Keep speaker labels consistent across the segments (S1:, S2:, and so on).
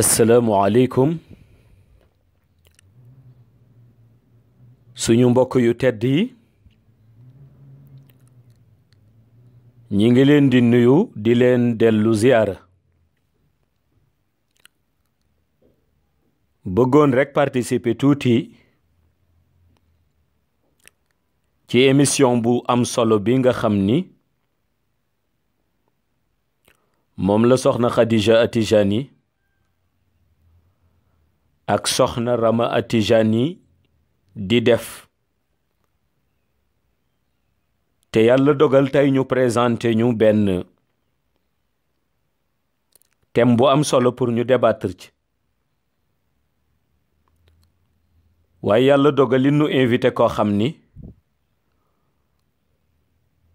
S1: asalaamualeykum suñu mbokk yu tedd yi ñi ngi leen di nuyu di leen dellu ziyaara bëggoon rekk participer tuuti ci émission bu am solo bi nga xam ni moom la soxna Khadija Atijani ak soxna Rama Atijani di def te yàlla dogal tey ñu présenté ñu benn thème bu am solo pour ñu débattre ci waaye yàlla dogal it nu invité koo xam ni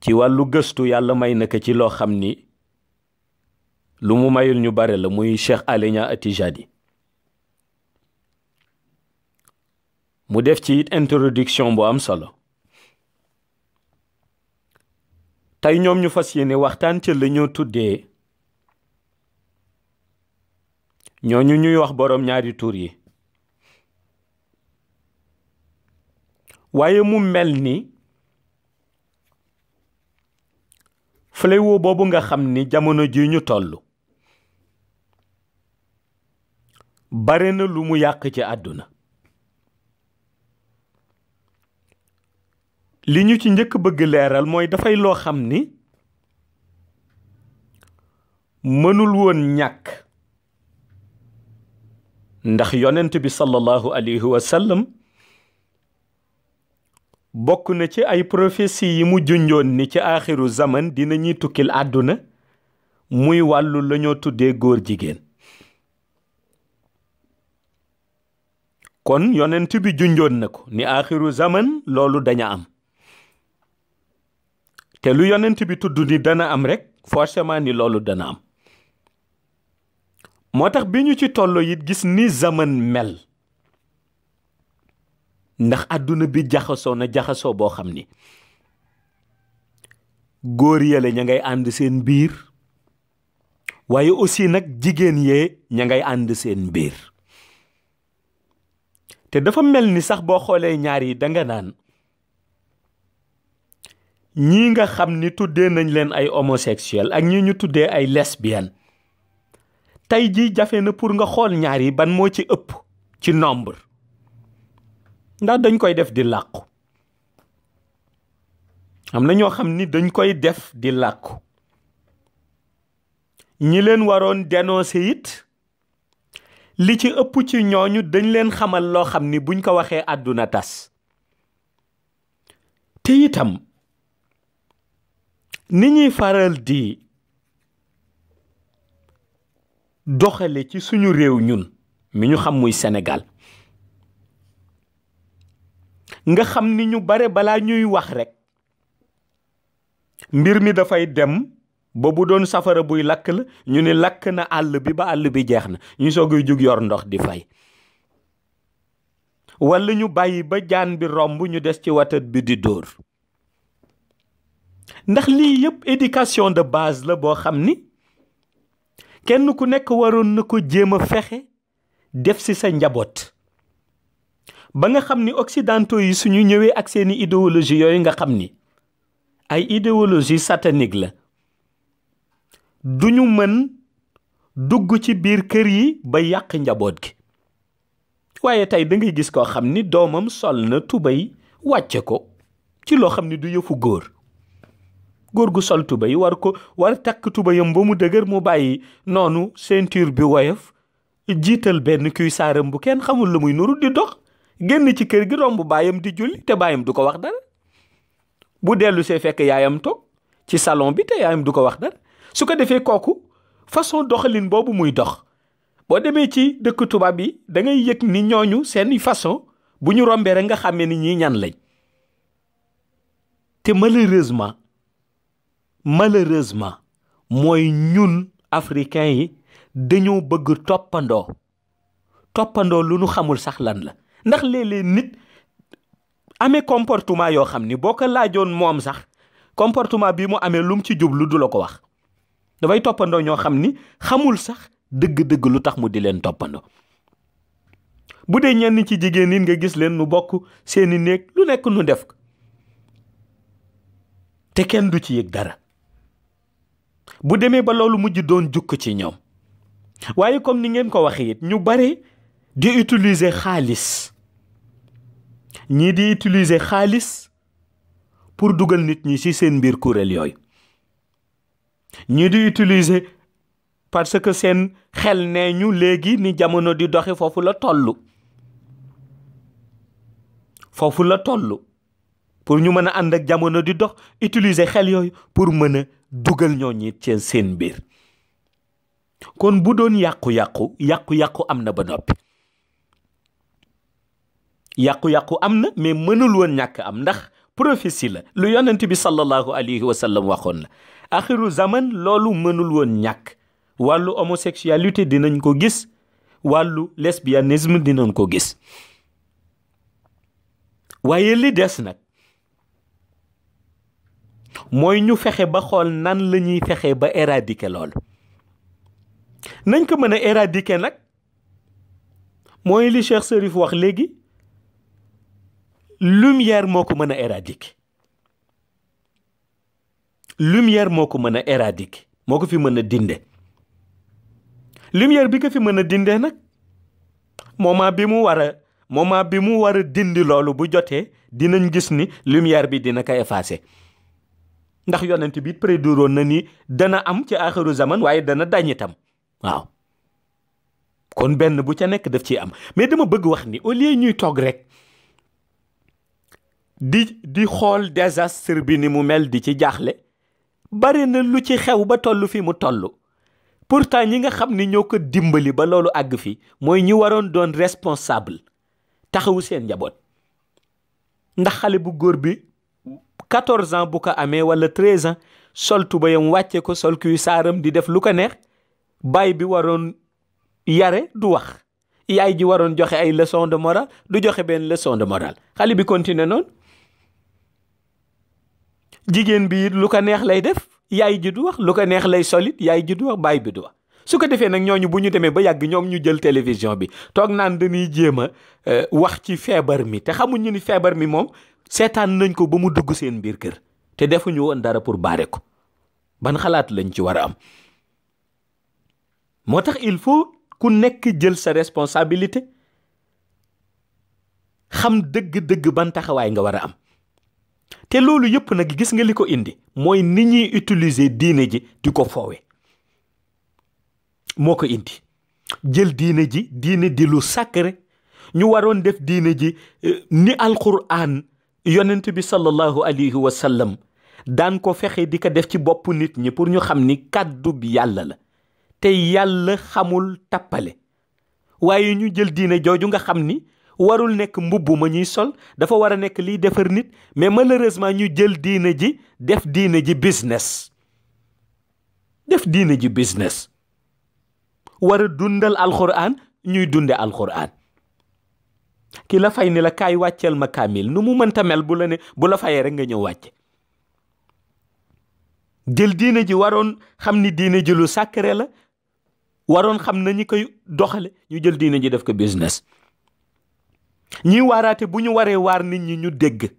S1: ci wàllu gëstu yàlla may na ko ci loo xam ni lu mu mayul ñu bare la muy Cheikh Alé Niang at mu def ci introduction bu am solo tey ñoom ñu fas yéene waxtaan ci la tuddee ñooñu ñuy wax boroom ñaari tur yi waaye mu mel ni fléau boobu nga xam ni jamono ji ñu toll bare na lu mu yàq ci àdduna li ñu ci njëkk bëgg leeral mooy dafay loo xam ni mënul woon ñàkk ndax yonent bi sallallahu alayhi wa bokk na ci ay prophétie yi mu junjoon ni ci aaxiru zaman dinañuy tukkil àdduna muy wàllu lañoo tuddee góor jigéen kon yonent bi junjoon na ko ni aaxiru zaman loolu daña am te lu yonent bi tudd ni dana am rek forcément ni loolu dana am moo tax bi ñu ci tollo yi gis ni zaman mel ndax àdduna bi jaxasoo na jaxasoo boo xam ni góor yële ña ngay ànd seen biir waaye aussi nag jigéen yee ña ngay ànd seen biir te dafa mel ni sax boo xoolee ñaar yi danga naan ñii nga xam ni tuddee nañ leen ay homosexuel ak ñi ñu tuddee ay lesbienne tey jii jafe na pour nga xool ñaar yi ban moo ci ëpp ci nombre ndax dañ koy def di làqu am na ñoo xam ni dañ koy def di làqu ñi leen waroon dénoncer it li ci ëpp ci ñooñu dañ leen xamal loo xam ni buñ ko waxee àdduna tas te itam ni ñuy faral di doxale ci suñu réew ñun mi ñu xam muy Sénégal nga xam ni ñu bare balaa ñuy wax rekk mbir mi dafay dem ba bu doon safara buy lakk la ñu ni lakk na àll bi ba àll bi jeex na ñu soogay jug yor ndox di fay walla ñu bàyyi ba jaan bi romb ñu des ci watat bi di dóor ndax lii yépp éducation de base la boo xam ni kenn ku nekk waroon na ko jéem a fexe def si sa njaboot ba nga xam ni occidentaux yi suñu ñëwee ak seeni idéologie yooyu nga xam ni ay idéologie satanique la du ñu mën dugg ci biir kër yi ba yàq njaboot gi waaye tey da ngay gis koo xam ni doomam sol na tubéy wàcce ko ci loo xam ni du yëfu góor góor gu sol tubéy war ko war takk tubéyam ba mu dëgër mu bàyyi noonu ceinture bi woyof jiital benn kuy saaram bu kenn xamul lu muy nuru di dox génn ci kër gi romb baayam di julli te baayam du ko wax dara bu dellu see fekk yaayam toog ci salon bi te yaayam du ko wax dara su ko defee kooku façon doxalin boobu muy dox boo demee ci dëkk tubaab yi dangay yëg ni ñooñu seen façon bu ñu rombee rek nga xamee ni ñii ñan lañ te malheureusement malheureusement mooy ñun africain yi dañoo bëgg toppandoo toppandoo lu nu xamul sax lan la ndax léeg-léeg nit amee comportement yoo xam ni boo ko laajoon moom sax comportement bi mu amee lu mu ci jublu du la ko wax dafay toppandoo ñoo xam ni xamul sax dëgg-dëgg lu tax mu di leen toppandoo bu dee ñenn ci jigéen nit nga gis leen nu bokk seeni néeg lu nekk nu def ko te kenn du ci yëg dara bu demee ba loolu mujj doon jukk ci ñoom waaye comme ni ngeen ko waxee it ñu bare di utiliser xaalis ñii di utiliser xaalis pour dugal nit ñi ci seen mbir kuréel yooyu ñii di utiliser parce que seen xel nee ñu léegi ni jamono di doxe foofu la tollu foofu la tollu pour ñu mën a ànd ak jamono di dox utiliser xel yooyu pour mën a dugal ñoo ñi ci seen mbir kon bu doon yàqu-yàqu yàqu-yàqu am na ba noppi yàqu-yàqu am na mais mënul woon ñàkk am ndax prophétie la lu yonent bi sallallahu alayhi wa sallam waxoon la axiru zaman loolu mënul woon ñàkk wàllu homosexualité dinañ ko gis wàllu lesbianisme dinañ ko gis waaye li des nag mooy ñu fexe ba xool nan la ñuy fexe ba éradiquer loolu nañ ko mën a éradiquer nag mooy li Cheikh Serif wax léegi lumière moo ko mën a éradiquer lumière moo ko mën a éradiquer moo ko fi mën a dinde lumière bi ko fi mën a dindee nag moment bi mu war a bi mu war a dindi loolu bu jotee dinañ gis ni lumière bi dina ko effacer ndax yonent bi prédoroon na ni dana am ci aaxiru zaman waaye dana dañ itam waaw kon benn bu ca nekk daf ciy am mais dama bëgg wax ni au lieu ñuy toog rek di di xool désastre bi ni mu mel di ci jaaxle bare na lu ci xew ba toll fii mu tollu pour pourtant ñi nga xam ni ñoo ko dimbali ba loolu àgg fi mooy ñi waroon doon responsable taxawu seen njaboot ndax xale bu góor bi 14 ans bu ko amee wala 13 ans sol tubayam wàcce ko sol kuy saaram di def lu ko neex baay bi waroon yare du wax yaay ji waroon joxe ay leçon de morale du joxe benn leçon de morale xale bi continuer noonu jigéen bi it lu ko neex lay def yaay ji du wax lu ko neex lay solit yaay ji du wax baay bi du wax su ko defee nag ñooñu bu ñu demee ba yàgg ñoom ñu jël télévision bi toog naan dañuy jéem a euh, wax ci feebar mi te xamuñu ni feebar mi moom seetaan nañ ko ba mu dugg seen biir kër te defuñu woon dara pour baare ko ban xalaat lañ ci war a am moo tax il faut ku nekk jël sa responsabilité xam dëgg-dëgg ban taxawaay nga war a am te loolu yëpp nag gis nga li ko indi mooy ni ñuy utiliser diine ji di ko foowe moo ko indi jël diine ji diine di lu sacré ñu waroon def diine ji eh, ni alquran yonent bi sallallahu alayhi wa daan ko fexe di ko def ci bopp nit ñi pour ñu xam ni kàddu bi yàlla la te yàlla xamul tappale waaye ñu jël diine jooju nga xam ni warul nekk mbubb ma ñuy sol dafa war a nekk liy defar nit mais malheureusement ñu jël diine ji def diine ji business def diine ji business war a dundal alxuraan ñuy dunde alxuraan ki la fay ni la kaay wàcceel ma kaamil nu mu mënta mel bu la ne bu la fayee rek nga ñëw wàcce jël diine ji waroon xam ni diine ji lu sacré la waroon xam na ñi koy doxale ñu jël diine ji def ko business ñi waaraate bu ñu waree waar nit ñi ñu dégg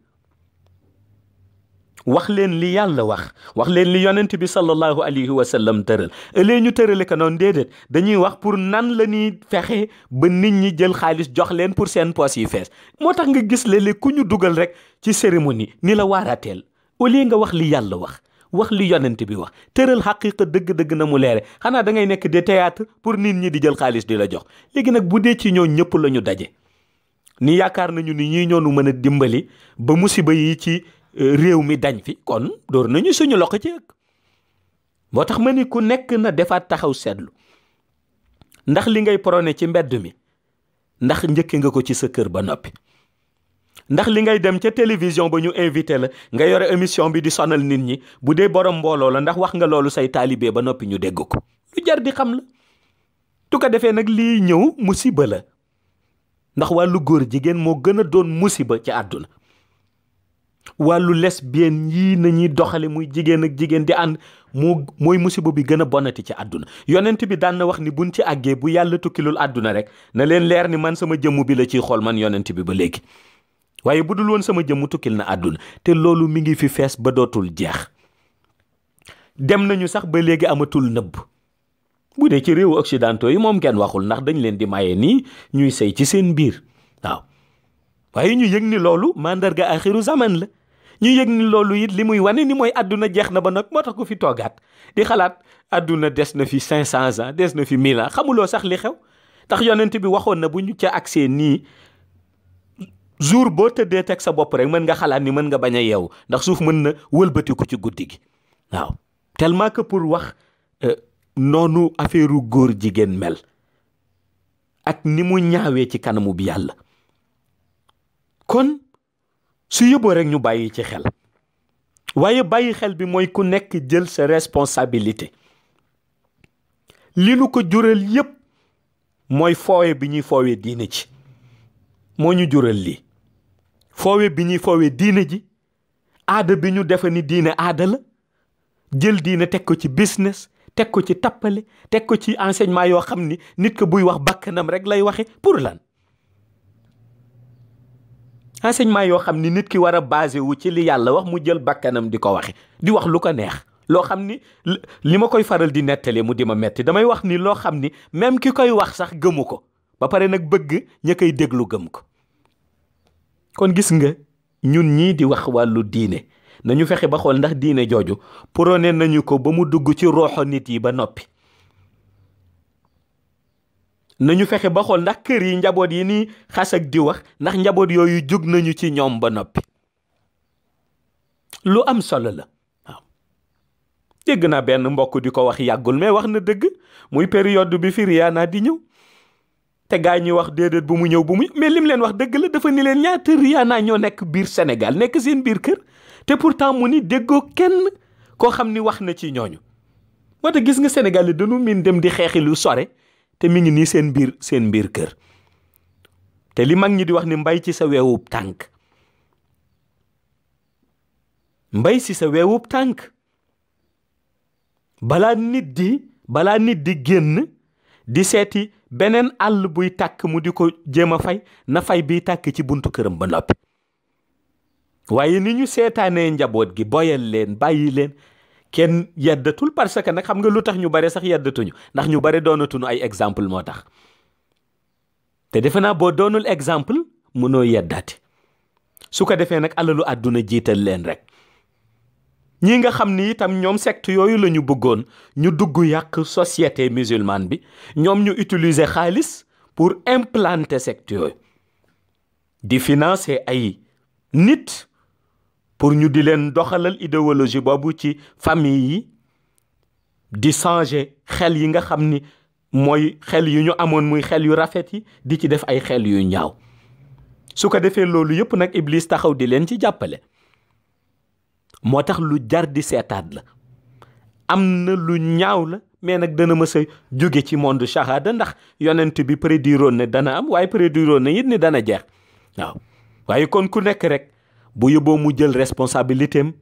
S1: wax leen li yàlla wax waxleen leen li yonent bi sallallahu alayhi wa sallam tëral ëllëg ñu tërale ko noonu déedéet dañuy wax pour nan la ñuy fexe ba nit ñi jël xaalis jox leen pour seen poos yi fees moo tax nga gis léeg-léeg ku ñu dugal rek ci cérémonie ni la waarateel au lieu nga wax li yàlla wax wax li yonent bi wax tëral xaqiqa dëgg-dëgg na mu leere xanaa da ngay nekk de teyaat pour nit ñi di jël xaalis di la jox léegi nag bu dee ci ñoo ñëpp la ñu daje ni yaakaar mën a dimbali réew mi dañ fi kon dóor nañu suñu loxo ci ëkk moo tax ma ni ku nekk na defaat taxaw seetlu ndax li ngay prôné ci mbedd mi ndax njëkke nga ko ci sa kër ba noppi ndax li ngay dem ca télévision ba ñu invité la nga yore émission bi di sonal nit ñi bu dee borom mbooloo la ndax wax nga loolu say taalibe ba noppi ñu dégg ko lu jar di xam la tu ko defee nag lii ñëw musiba la ndax wàllu góor jigéen moo gën a doon musiba ca àdduna wàllu les bien yii nañuy doxale muy jigéen ak jigéen di ànd moo mooy musiba bi gën a bonati ci àdduna yonent bi daan na wax ni buñ ci àggee bu yàlla tukkilul àdduna rek na leen leer ni man sama jëmm bi la ci xool man yonent bi ba léegi waaye bu dul woon sama jëmm tukkil na àdduna te loolu mi ngi fi fees ba dootul jeex dem nañu sax ba léegi amatul nëbb bu dee ci réewu occidentaux yi moom kenn waxul ndax dañ leen di maye nii ñuy sëy ci seen biir waaw waaye ñu yëg ni loolu mandarga axiru zaman la ñu yëg ni loolu it li muy wane ni mooy àdduna jeex na ba nag moo tax ko fi toogaat di xalaat àdduna des na fi 500 ans des na fi 1000 xamuloo sax li xew tax yonent bi waxoon na bu ñu ca accès nii jour boo tëddee teg sa bopp rek mën nga xalaat ni mën nga bañ a yeewu ndax suuf mën na wëlbatiku ci guddi gi waaw pour wax euh, noonu affaireu góor jigéen mel ak ni mu ñaawee ci kanamu bi yàlla kon su yóbboo rekk ñu bàyyi ci xel waaye bàyyi xel bi mooy ku nekk jël sa responsabilité li nu ko jural yépp mooy foowe bi ñuy foowee diine ji moo ñu jural lii foowe bi ñuy foowe diine ji aada bi ñu defe ni diine aada la jël diine teg ko ci business teg ko ci tappale teg ko ci ensegnement yoo xam ni nit ko buy wax bakkanam rek lay waxe pour lan enseignement yoo xam ni nit ki war a basé wu ci li yàlla wax mu jël bakkanam di ko waxe di wax lu ko neex loo xam ni li ma koy faral di nettali mu di ma metti damay wax ni loo xam ni même ki koy wax sax gëmu ko ba pare nag bëgg ña koy déglu gëm ko kon gis nga ñun ñii di wax wàllu diine nañu fexe ba xool ndax diine jooju pour prôné nañu ko ba mu dugg ci roxo nit yi ba noppi nañu fexe ba xool ndax kër yi njaboot yi nii xas ak di wax ndax njaboot yooyu jóg nañu ci ñoom ba noppi lu am solo la waaw dégg naa benn mbokk di ko wax yàggul mais wax na dëgg muy période bi fi Rihanna di ñëw te gaa ñi wax déedéet bu mu ñëw bu mu mais lim leen wax dëgg la dafa ni leen ñaata Rihanna ñoo nekk biir senegal nekk seen biir kër te pourtant mu ni déggoo kenn koo xam ni wax na ci ñooñu moo tax gis nga senegal yi dañu miin dem di xeexi lu sore te mi ngi nii seen biir seen biir kër te li mag ñi di wax ni mbay ci sa weewub tànk mbay ci sa weewub tànk balaa nit di balaa nit di génn di seeti beneen àll buy tàkk mu di ko jéem a fay na fay biy tàkk ci buntu këram ba noppi waaye ni ñu seetaanee njaboot gi boyal leen bàyyi leen kenn yeddatul parce que nag xam nga lu tax ñu bare sax yeddatuñu ndax ñu bare doonatuñu ay exemple moo tax te defe naa boo doonul exemple mënoo yeddaati su ko defee nag alalu àdduna jiital leen rek ñi nga xam ni itam ñoom secte yooyu lañu bëggoon ñu dugg yàq société musulmane bi ñoom ñu utiliser xaalis pour implanter secte yooyu di financer ay nit pour ñu di leen doxalal idéologie boobu ci famille yi di changer xel yi nga xam ni mooy xel yu ñu amoon muy xel yu rafet yi di ci def ay xel yu ñaaw su ko defee loolu yëpp nag Iblis taxaw di leen ci jàppale moo tax lu jar di seetaat la am na lu ñaaw la mais nag dana mës jóge ci monde shahada ndax yonent bi prédiroon ne dana am waaye prédiroon ne it ni dana jeex waaw waaye kon ku nekk rek bu yóbboo mu jël responsabilité am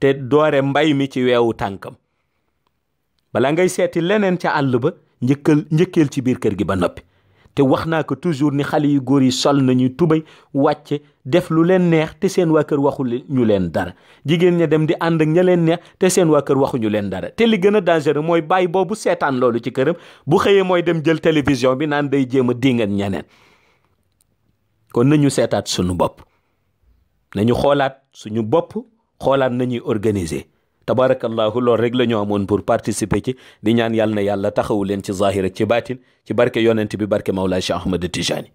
S1: te doore mbay mi ci weewu tànkam bala ngay seeti leneen ca àll ba njëkkal njëkkeel ci biir kër gi ba noppi te wax naa ko toujours ni xale yu góor yi sol nañuy tubay wàcce def lu leen neex te seen waa kër waxu ñu leen dara jigéen ña dem di ànd ak ña leen neex te seen waa kër waxuñu leen dara te li gën a dangereux mooy bàyyi boobu seetaan loolu ci këram bu xëyee mooy dem jël télévision bi naan day jéem a dingan ñeneen kon nañu seetaat sunu bopp nañu xoolaat suñu bopp xoolaat nañuy organiser tabarakallahu loolu rek la ñu amoon pour participer ci di ñaan yàlla na yàlla taxawu leen ci zahir ak ci baatin ci barke yonent bi barke Mawlaa Cheikh Ahmed Tijani